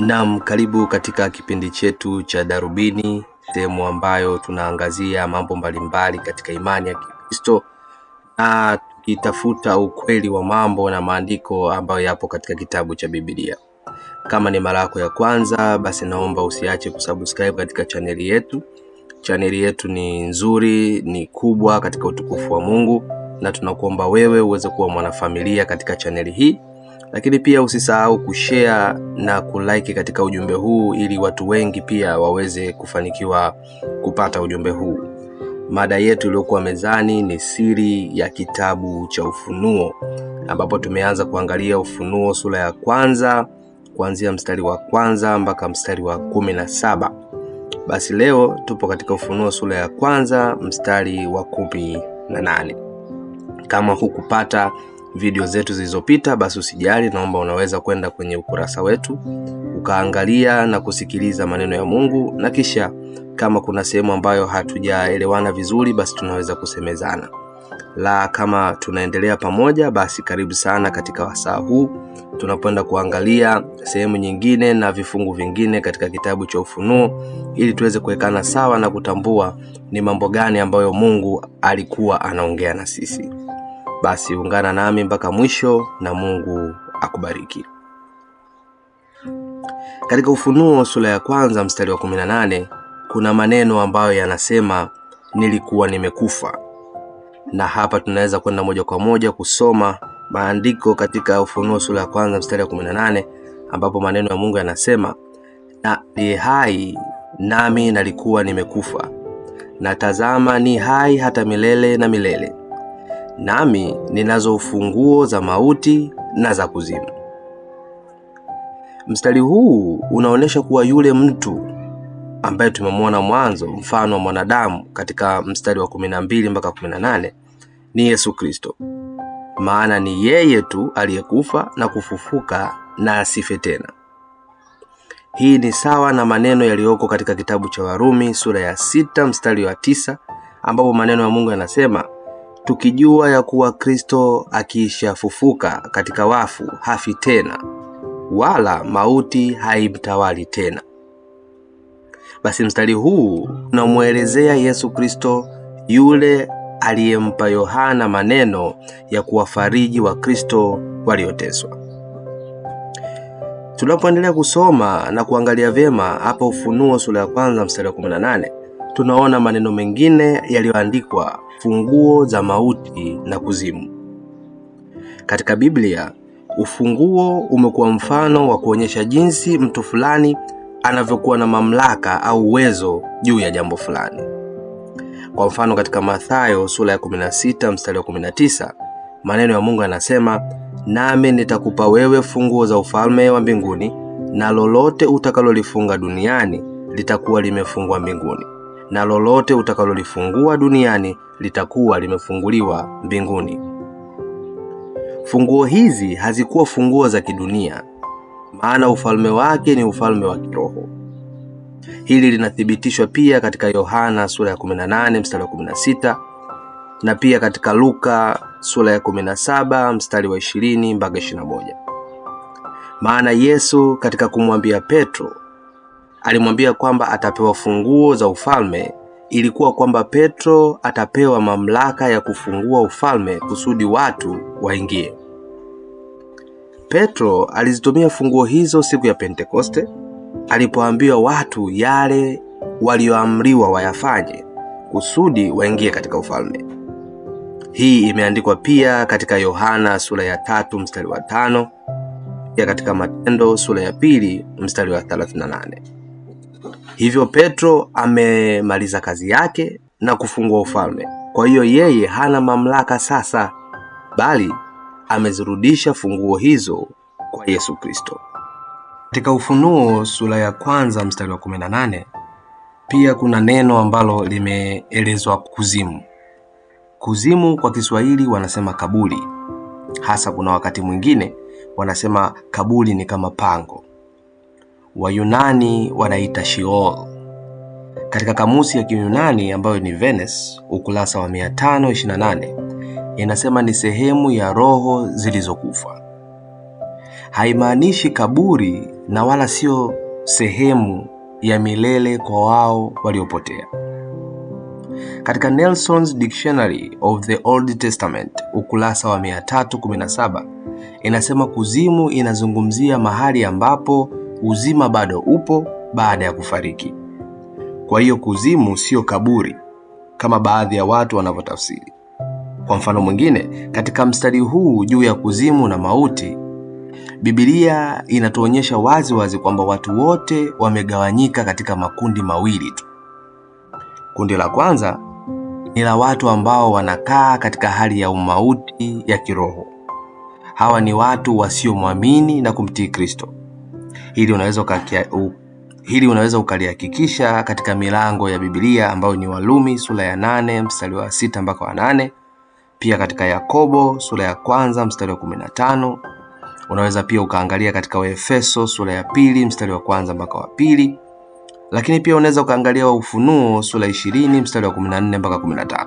Naam, karibu katika kipindi chetu cha Darubini, sehemu ambayo tunaangazia mambo mbalimbali katika imani ya Kikristo na tukitafuta ukweli wa mambo na maandiko ambayo yapo katika kitabu cha Biblia. Kama ni mara yako ya kwanza, basi naomba usiache kusubscribe katika chaneli yetu. Chaneli yetu ni nzuri, ni kubwa katika utukufu wa Mungu, na tunakuomba wewe uweze kuwa mwanafamilia katika chaneli hii lakini pia usisahau kushare na kulike katika ujumbe huu ili watu wengi pia waweze kufanikiwa kupata ujumbe huu. Mada yetu iliyokuwa mezani ni siri ya kitabu cha Ufunuo, ambapo tumeanza kuangalia Ufunuo sura ya kwanza kuanzia mstari wa kwanza mpaka mstari wa kumi na saba. Basi leo tupo katika Ufunuo sura ya kwanza mstari wa kumi na nane. Kama hukupata video zetu zilizopita, basi usijali, naomba unaweza kwenda kwenye ukurasa wetu ukaangalia na kusikiliza maneno ya Mungu, na kisha kama kuna sehemu ambayo hatujaelewana vizuri, basi tunaweza kusemezana la kama tunaendelea pamoja, basi karibu sana katika wasaa huu tunapenda kuangalia sehemu nyingine na vifungu vingine katika kitabu cha Ufunuo ili tuweze kuwekana sawa na kutambua ni mambo gani ambayo Mungu alikuwa anaongea na sisi. Basi ungana nami mpaka mwisho na Mungu akubariki. Katika Ufunuo sura ya kwanza mstari wa 18 kuna maneno ambayo yanasema nilikuwa nimekufa, na hapa tunaweza kwenda moja kwa moja kusoma maandiko katika Ufunuo sura ya kwanza mstari wa 18 ambapo maneno ya Mungu yanasema na ni hai nami nalikuwa nimekufa, na tazama, ni hai hata milele na milele, nami ninazo ufunguo za mauti na za kuzimu. Mstari huu unaonyesha kuwa yule mtu ambaye tumemwona mwanzo mfano wa mwanadamu katika mstari wa 12 mpaka 18 ni Yesu Kristo, maana ni yeye tu aliyekufa na kufufuka na asife tena. Hii ni sawa na maneno yaliyoko katika kitabu cha Warumi sura ya sita mstari wa tisa ambapo maneno ya Mungu yanasema tukijua ya kuwa Kristo akishafufuka katika wafu hafi tena, wala mauti haimtawali tena. Basi mstari huu unamwelezea Yesu Kristo yule aliyempa Yohana maneno ya kuwafariji wa kristo walioteswa. Tunapoendelea kusoma na kuangalia vyema hapa Ufunuo sura ya kwanza mstari wa 18, tunaona maneno mengine yaliyoandikwa funguo za mauti na kuzimu. Katika Biblia, ufunguo umekuwa mfano wa kuonyesha jinsi mtu fulani anavyokuwa na mamlaka au uwezo juu ya jambo fulani. Kwa mfano, katika Mathayo sura ya 16 mstari wa 19, maneno ya Mungu yanasema, nami nitakupa wewe funguo za ufalme wa mbinguni, na lolote utakalolifunga duniani litakuwa limefungwa mbinguni na lolote utakalolifungua duniani litakuwa limefunguliwa mbinguni. Funguo hizi hazikuwa funguo za kidunia, maana ufalme wake ni ufalme wa kiroho. Hili linathibitishwa pia katika Yohana sura ya 18 mstari wa 16 na pia katika Luka sura ya 17 mstari wa 20 mpaka 21. Maana Yesu katika kumwambia Petro alimwambia kwamba atapewa funguo za ufalme ilikuwa kwamba Petro atapewa mamlaka ya kufungua ufalme kusudi watu waingie. Petro alizitumia funguo hizo siku ya Pentekoste alipoambiwa watu yale walioamriwa wayafanye kusudi waingie katika ufalme. Hii imeandikwa pia katika Yohana sura ya tatu mstari wa tano ya katika Matendo sura ya pili mstari wa 38. Hivyo Petro amemaliza kazi yake na kufungua ufalme. Kwa hiyo yeye hana mamlaka sasa, bali amezirudisha funguo hizo kwa Yesu Kristo. Katika Ufunuo sura ya kwanza mstari wa 18 pia kuna neno ambalo limeelezwa kuzimu. Kuzimu kwa Kiswahili wanasema kaburi, hasa kuna wakati mwingine wanasema kaburi ni kama pango. Wayunani wanaita Sheol. Katika kamusi ya Kiyunani ambayo ni Venice, ukurasa wa 528 inasema ni sehemu ya roho zilizokufa. Haimaanishi kaburi na wala sio sehemu ya milele kwa wao waliopotea. Katika Nelson's Dictionary of the Old Testament ukurasa wa 317 inasema kuzimu inazungumzia mahali ambapo uzima bado upo baada ya kufariki kwa hiyo kuzimu sio kaburi kama baadhi ya watu wanavyotafsiri kwa mfano mwingine katika mstari huu juu ya kuzimu na mauti bibilia inatuonyesha wazi wazi kwamba watu wote wamegawanyika katika makundi mawili tu kundi la kwanza ni la watu ambao wanakaa katika hali ya umauti ya kiroho hawa ni watu wasiomwamini na kumtii kristo Hili unaweza hili unaweza ukalihakikisha katika milango ya Biblia ambayo ni Warumi sura ya nane mstari wa sita mpaka wa nane pia katika Yakobo sura ya kwanza mstari wa kumi na tano unaweza pia ukaangalia katika Waefeso sura ya pili mstari wa kwanza mpaka wa pili lakini pia unaweza ukaangalia wa Ufunuo sura ishirini mstari wa 14 mpaka 15.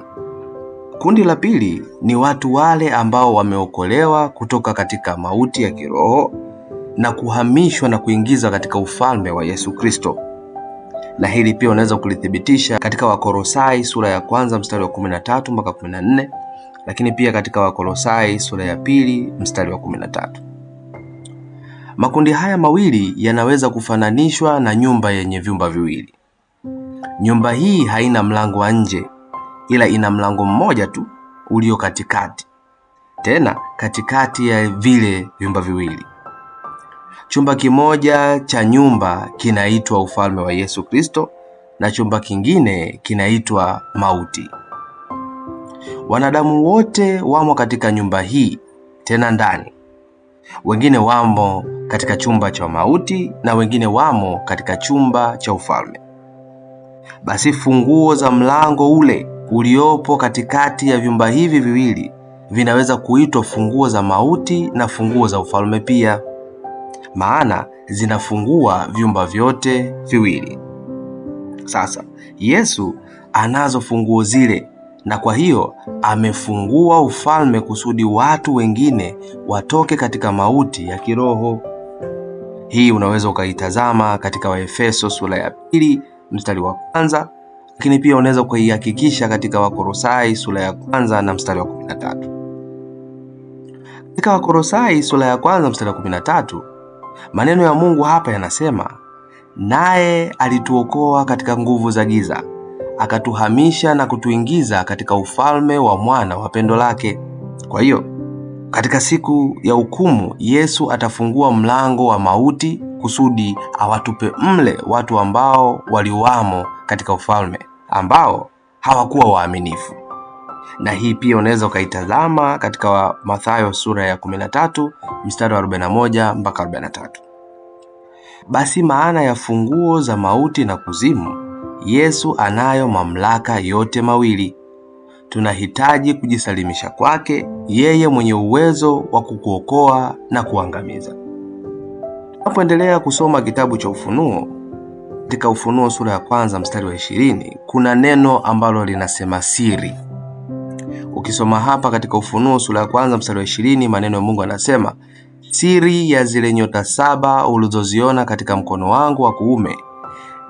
Kundi la pili ni watu wale ambao wameokolewa kutoka katika mauti ya kiroho na kuhamishwa na kuingizwa katika ufalme wa Yesu Kristo. Na hili pia unaweza kulithibitisha katika Wakolosai sura ya kwanza mstari wa 13 mpaka 14, lakini pia katika Wakolosai sura ya pili mstari wa 13. Makundi haya mawili yanaweza kufananishwa na nyumba yenye vyumba viwili. Nyumba hii haina mlango wa nje, ila ina mlango mmoja tu ulio katikati, tena katikati ya vile vyumba viwili. Chumba kimoja cha nyumba kinaitwa ufalme wa Yesu Kristo na chumba kingine kinaitwa mauti. Wanadamu wote wamo katika nyumba hii tena ndani. Wengine wamo katika chumba cha mauti na wengine wamo katika chumba cha ufalme. Basi funguo za mlango ule uliopo katikati ya vyumba hivi viwili vinaweza kuitwa funguo za mauti na funguo za ufalme pia maana zinafungua vyumba vyote viwili. Sasa Yesu anazo funguo zile, na kwa hiyo amefungua ufalme kusudi watu wengine watoke katika mauti ya kiroho. Hii unaweza ukaitazama katika Waefeso sura ya pili mstari wa kwanza, lakini pia unaweza ukaihakikisha katika Wakorosai sura ya kwanza na mstari wa 13. Katika Wakorosai sura ya kwanza mstari wa Maneno ya Mungu hapa yanasema, naye alituokoa katika nguvu za giza, akatuhamisha na kutuingiza katika ufalme wa mwana wa pendo lake. Kwa hiyo katika siku ya hukumu Yesu atafungua mlango wa mauti kusudi awatupe mle watu ambao waliwamo katika ufalme ambao hawakuwa waaminifu na hii pia unaweza ukaitazama katika Mathayo sura ya 13 mstari wa 41 mpaka 43. Basi maana ya funguo za mauti na kuzimu, Yesu anayo mamlaka yote mawili. Tunahitaji kujisalimisha kwake, yeye mwenye uwezo wa kukuokoa na kuangamiza. Tunapoendelea kusoma kitabu cha Ufunuo, katika Ufunuo sura ya kwanza mstari wa 20 kuna neno ambalo linasema siri. Ukisoma hapa katika Ufunuo sura ya kwanza mstari wa ishirini maneno ya Mungu anasema, siri ya zile nyota saba ulizoziona katika mkono wangu wa kuume,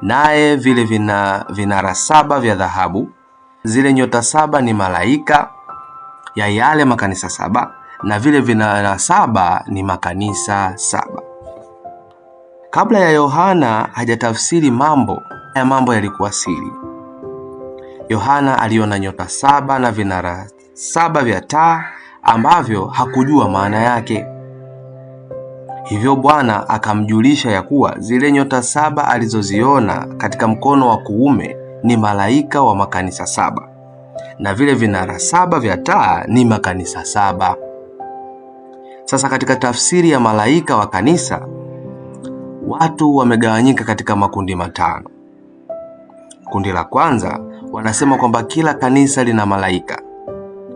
naye vile vina vinara saba vya dhahabu. Zile nyota saba ni malaika ya yale makanisa saba na vile vinara saba ni makanisa saba. Kabla ya Yohana hajatafsiri mambo haya, mambo yalikuwa siri. Yohana aliona nyota saba na vinara saba vya taa ambavyo hakujua maana yake. Hivyo Bwana akamjulisha ya kuwa zile nyota saba alizoziona katika mkono wa kuume ni malaika wa makanisa saba na vile vinara saba vya taa ni makanisa saba. Sasa katika tafsiri ya malaika wa kanisa, watu wamegawanyika katika makundi matano. Kundi la kwanza wanasema kwamba kila kanisa lina malaika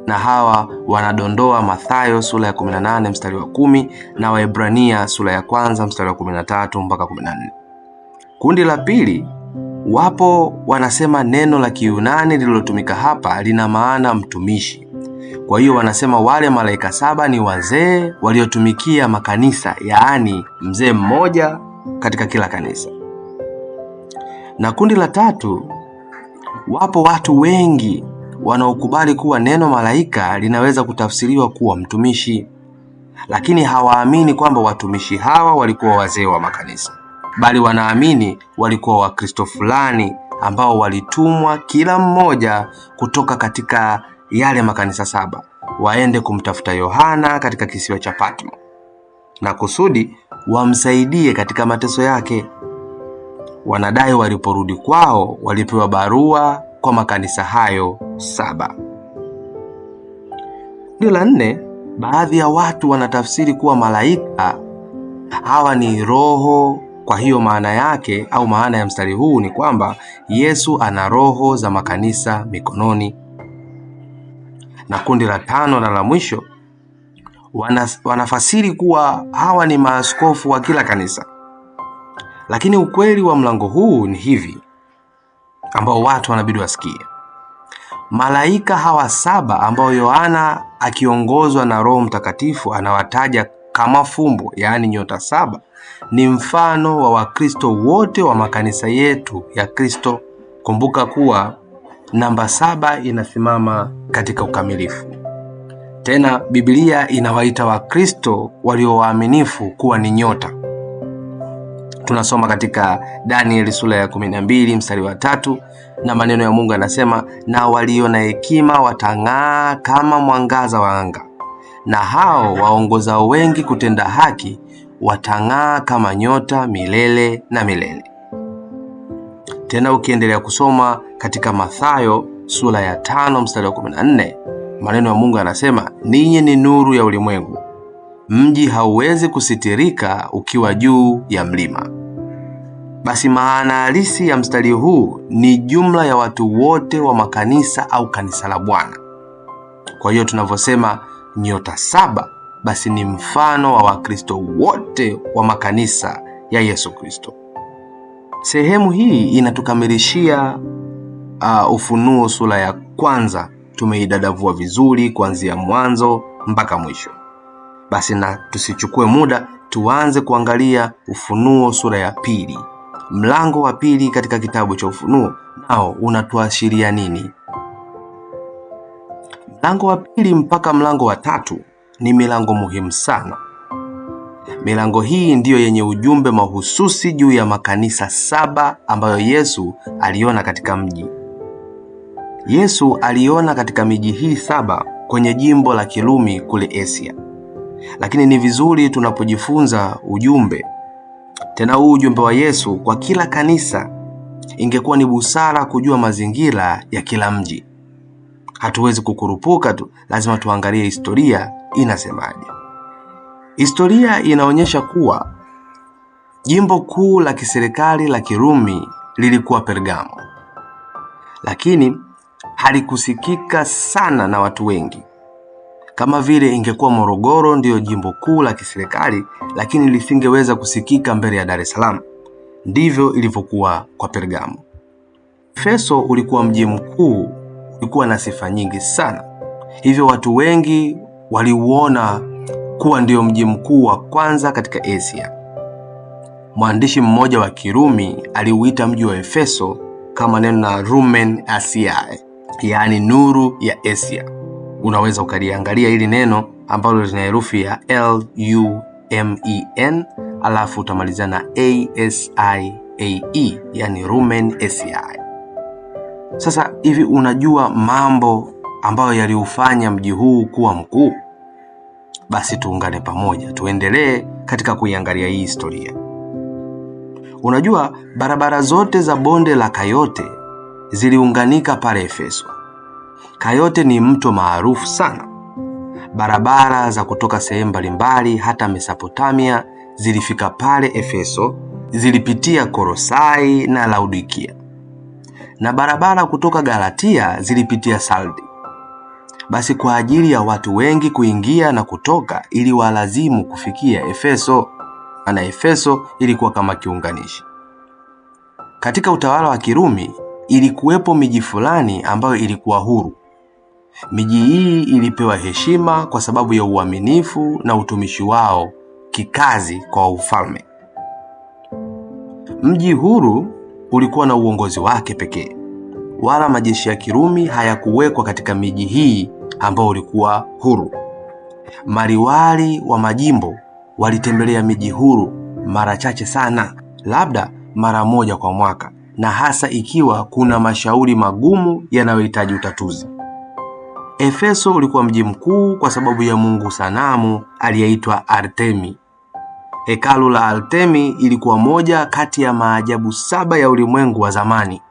na hawa wanadondoa Mathayo sura ya 18 mstari wa kumi na Waebrania sura ya kwanza mstari wa 13 mpaka 14. Kundi la pili wapo wanasema neno la Kiyunani lililotumika hapa lina maana mtumishi. Kwa hiyo wanasema wale malaika saba ni wazee waliotumikia makanisa, yaani mzee mmoja katika kila kanisa. Na kundi la tatu Wapo watu wengi wanaokubali kuwa neno malaika linaweza kutafsiriwa kuwa mtumishi, lakini hawaamini kwamba watumishi hawa walikuwa wazee wa makanisa, bali wanaamini walikuwa Wakristo fulani ambao walitumwa kila mmoja kutoka katika yale makanisa saba waende kumtafuta Yohana katika kisiwa cha Patmo na kusudi wamsaidie katika mateso yake wanadai waliporudi kwao walipewa barua kwa makanisa hayo saba. Ndio la nne, baadhi ya watu wanatafsiri kuwa malaika hawa ni roho. Kwa hiyo maana yake au maana ya mstari huu ni kwamba Yesu ana roho za makanisa mikononi. Na kundi la tano na la mwisho wanafasiri kuwa hawa ni maaskofu wa kila kanisa lakini ukweli wa mlango huu ni hivi ambao watu wanabidi wasikie malaika hawa saba ambao yohana akiongozwa na roho mtakatifu anawataja kama fumbo yaani nyota saba ni mfano wa wakristo wote wa makanisa yetu ya kristo kumbuka kuwa namba saba inasimama katika ukamilifu tena biblia inawaita wakristo walio waaminifu kuwa ni nyota tunasoma katika Danieli sura ya 12 mstari wa tatu na maneno ya Mungu anasema, na walio na hekima watang'aa kama mwangaza wa anga, na hao waongozao wengi kutenda haki watang'aa kama nyota milele na milele. Tena ukiendelea kusoma katika Mathayo sura ya tano mstari wa 14 maneno ya Mungu anasema, ninyi ni nuru ya ulimwengu, mji hauwezi kusitirika ukiwa juu ya mlima. Basi maana halisi ya mstari huu ni jumla ya watu wote wa makanisa au kanisa la Bwana. Kwa hiyo tunavyosema nyota saba, basi ni mfano wa Wakristo wote wa makanisa ya Yesu Kristo. Sehemu hii inatukamilishia uh, Ufunuo sura ya kwanza. Tumeidadavua vizuri kuanzia mwanzo mpaka mwisho. Basi na tusichukue muda, tuanze kuangalia Ufunuo sura ya pili mlango wa pili katika kitabu cha Ufunuo nao unatuashiria nini? Mlango wa pili mpaka mlango wa tatu ni milango muhimu sana. Milango hii ndiyo yenye ujumbe mahususi juu ya makanisa saba ambayo Yesu aliona katika mji. Yesu aliona katika miji hii saba kwenye jimbo la Kirumi kule Asia. Lakini ni vizuri tunapojifunza ujumbe tena huu ujumbe wa Yesu kwa kila kanisa, ingekuwa ni busara kujua mazingira ya kila mji. Hatuwezi kukurupuka tu, lazima tuangalie historia inasemaje. Historia inaonyesha kuwa jimbo kuu la kiserikali la Kirumi lilikuwa Pergamo, lakini halikusikika sana na watu wengi kama vile ingekuwa Morogoro ndiyo jimbo kuu la kiserikali, lakini lisingeweza kusikika mbele ya Dar es Salaam. Ndivyo ilivyokuwa kwa Pergamo. Efeso ulikuwa mji mkuu, ulikuwa na sifa nyingi sana, hivyo watu wengi waliuona kuwa ndiyo mji mkuu wa kwanza katika Asia. Mwandishi mmoja wa Kirumi aliuita mji wa Efeso kama neno la Rumen Asiae, yaani nuru ya Asia unaweza ukaliangalia hili neno ambalo lina herufi ya L U M E N alafu utamaliza na A S I A E, yani Lumen si Sasa hivi unajua mambo ambayo yaliufanya mji huu kuwa mkuu? Basi tuungane pamoja, tuendelee katika kuiangalia hii historia. Unajua barabara zote za bonde la Kayote ziliunganika pale Efeso Kayote ni mto maarufu sana. Barabara za kutoka sehemu mbalimbali hata Mesopotamia zilifika pale Efeso, zilipitia Korosai na Laodikia, na barabara kutoka Galatia zilipitia Sardi. Basi kwa ajili ya watu wengi kuingia na kutoka, ili walazimu kufikia Efeso, na Efeso ilikuwa kama kiunganishi. Katika utawala wa Kirumi ilikuwepo miji fulani ambayo ilikuwa huru Miji hii ilipewa heshima kwa sababu ya uaminifu na utumishi wao kikazi kwa ufalme. Mji huru ulikuwa na uongozi wake pekee, wala majeshi ya Kirumi hayakuwekwa katika miji hii ambayo ulikuwa huru. Maliwali wa majimbo walitembelea miji huru mara chache sana, labda mara moja kwa mwaka, na hasa ikiwa kuna mashauri magumu yanayohitaji utatuzi. Efeso ulikuwa mji mkuu kwa sababu ya mungu sanamu aliyeitwa Artemi. Hekalu la Artemi ilikuwa moja kati ya maajabu saba ya ulimwengu wa zamani.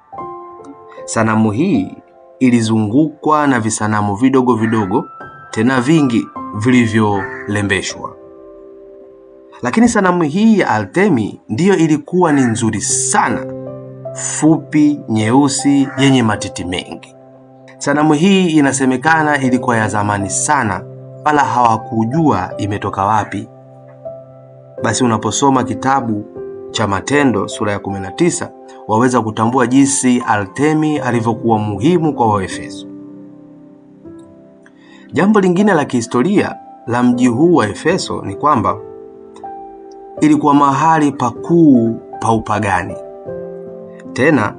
Sanamu hii ilizungukwa na visanamu vidogo vidogo tena vingi vilivyorembeshwa, lakini sanamu hii ya Artemi ndiyo ilikuwa ni nzuri sana, fupi, nyeusi, yenye matiti mengi. Sanamu hii inasemekana ilikuwa ya zamani sana, wala hawakujua imetoka wapi. Basi unaposoma kitabu cha Matendo sura ya 19 waweza kutambua jinsi Artemi alivyokuwa muhimu kwa Waefeso. Jambo lingine la kihistoria la mji huu wa Efeso ni kwamba ilikuwa mahali pakuu pa upagani. Tena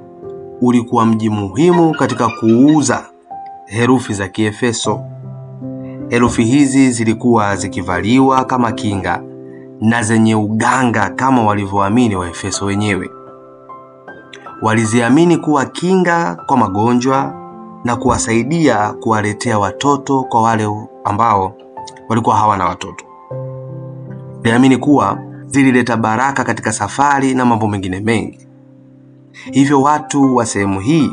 ulikuwa mji muhimu katika kuuza herufi za Kiefeso. Herufi hizi zilikuwa zikivaliwa kama kinga na zenye uganga kama walivyoamini Waefeso wenyewe. Waliziamini kuwa kinga kwa magonjwa na kuwasaidia kuwaletea watoto kwa wale ambao walikuwa hawana watoto. Waliamini kuwa zilileta baraka katika safari na mambo mengine mengi. Hivyo watu wa sehemu hii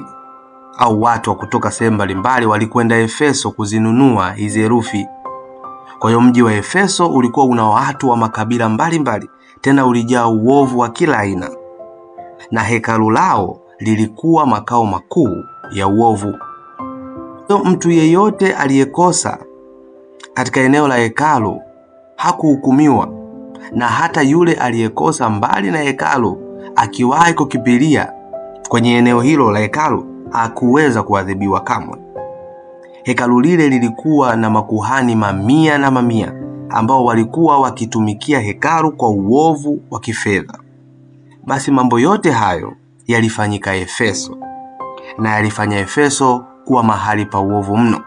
au watu wa kutoka sehemu mbalimbali walikwenda Efeso kuzinunua hizi herufi. Kwa hiyo mji wa Efeso ulikuwa una watu wa makabila mbalimbali mbali, tena ulijaa uovu wa kila aina, na hekalu lao lilikuwa makao makuu ya uovu. Kwa mtu yeyote aliyekosa katika eneo la hekalu hakuhukumiwa, na hata yule aliyekosa mbali na hekalu akiwahi kukipilia kwenye eneo hilo la hekalu hakuweza kuadhibiwa kamwe. Hekalu lile lilikuwa na makuhani mamia na mamia ambao walikuwa wakitumikia hekalu kwa uovu wa kifedha. Basi mambo yote hayo yalifanyika Efeso na yalifanya Efeso kuwa mahali pa uovu mno.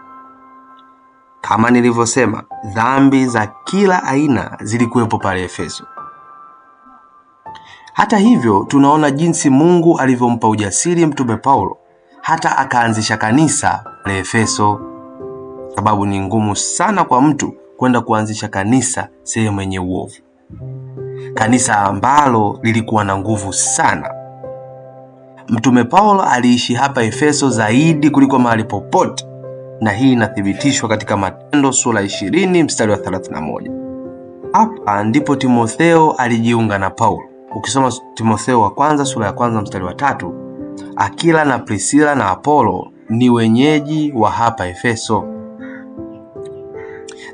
Kama nilivyosema, dhambi za kila aina zilikuwepo pale Efeso. Hata hivyo, tunaona jinsi Mungu alivyompa ujasiri mtume Paulo hata akaanzisha kanisa la Efeso, sababu ni ngumu sana kwa mtu kwenda kuanzisha kanisa sehemu yenye uovu, kanisa ambalo lilikuwa na nguvu sana. Mtume Paulo aliishi hapa Efeso zaidi kuliko mahali popote, na hii inathibitishwa katika Matendo sura 20 mstari wa 31. Hapa ndipo Timotheo alijiunga na Paulo. Ukisoma Timotheo wa kwanza sura ya kwanza mstari wa tatu Akila na Prisila na Apolo ni wenyeji wa hapa Efeso,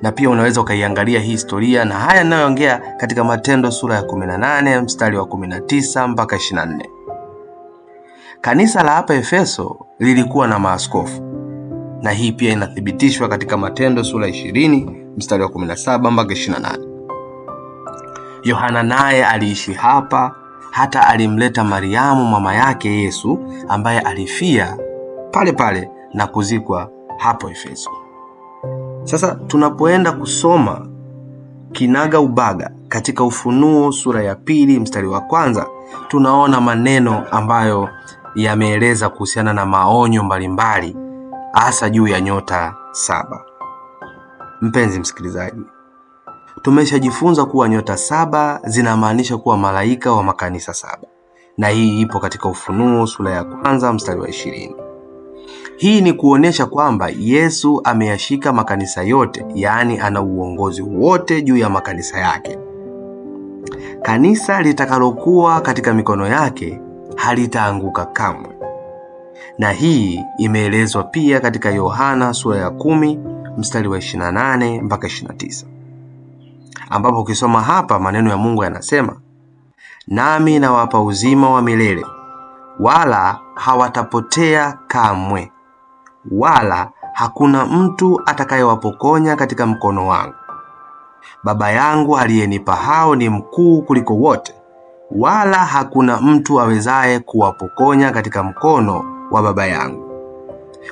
na pia unaweza ukaiangalia hii historia na haya ninayoongea katika Matendo sura ya 18 mstari wa 19 mpaka 24. Kanisa la hapa Efeso lilikuwa na maaskofu na hii pia inathibitishwa katika Matendo sura 20 mstari wa 17 mpaka 28. Yohana naye aliishi hapa hata alimleta Mariamu mama yake Yesu ambaye alifia pale pale na kuzikwa hapo Efeso. Sasa tunapoenda kusoma kinaga ubaga katika Ufunuo sura ya pili mstari wa kwanza, tunaona maneno ambayo yameeleza kuhusiana na maonyo mbalimbali hasa juu ya nyota saba. Mpenzi msikilizaji Tumeshajifunza kuwa nyota saba zinamaanisha kuwa malaika wa makanisa saba, na hii ipo katika Ufunuo sura ya kwanza mstari wa ishirini. Hii ni kuonyesha kwamba Yesu ameyashika makanisa yote, yaani ana uongozi wote juu ya makanisa yake. Kanisa litakalokuwa katika mikono yake halitaanguka kamwe, na hii imeelezwa pia katika Yohana sura ya 1 mstari wa 28 mpaka 29 ambapo ukisoma hapa maneno ya Mungu yanasema, nami nawapa uzima wa milele, wala hawatapotea kamwe, wala hakuna mtu atakayewapokonya katika mkono wangu. Baba yangu aliyenipa hao ni mkuu kuliko wote, wala hakuna mtu awezaye kuwapokonya katika mkono wa Baba yangu.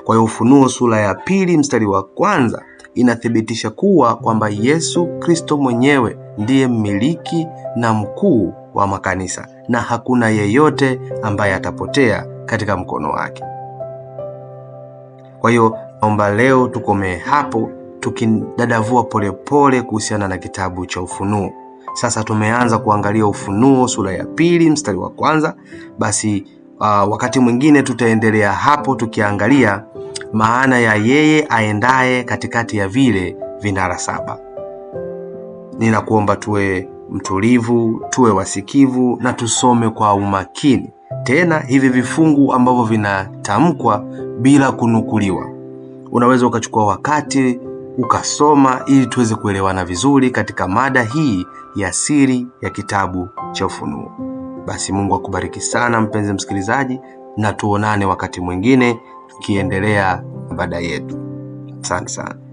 Kwa hiyo Ufunuo sura ya pili mstari wa kwanza inathibitisha kuwa kwamba Yesu Kristo mwenyewe ndiye mmiliki na mkuu wa makanisa na hakuna yeyote ambaye atapotea katika mkono wake. Kwa hiyo naomba leo tukomee hapo tukidadavua polepole kuhusiana na kitabu cha Ufunuo. Sasa tumeanza kuangalia Ufunuo sura ya pili mstari wa kwanza. Basi uh, wakati mwingine tutaendelea hapo tukiangalia maana ya yeye aendaye katikati ya vile vinara saba. Ninakuomba tuwe mtulivu, tuwe wasikivu na tusome kwa umakini tena hivi vifungu ambavyo vinatamkwa bila kunukuliwa. Unaweza ukachukua wakati ukasoma ili tuweze kuelewana vizuri katika mada hii ya siri ya kitabu cha Ufunuo. Basi Mungu akubariki sana mpenzi msikilizaji, na tuonane wakati mwingine tukiendelea baada yetu. Asante sana.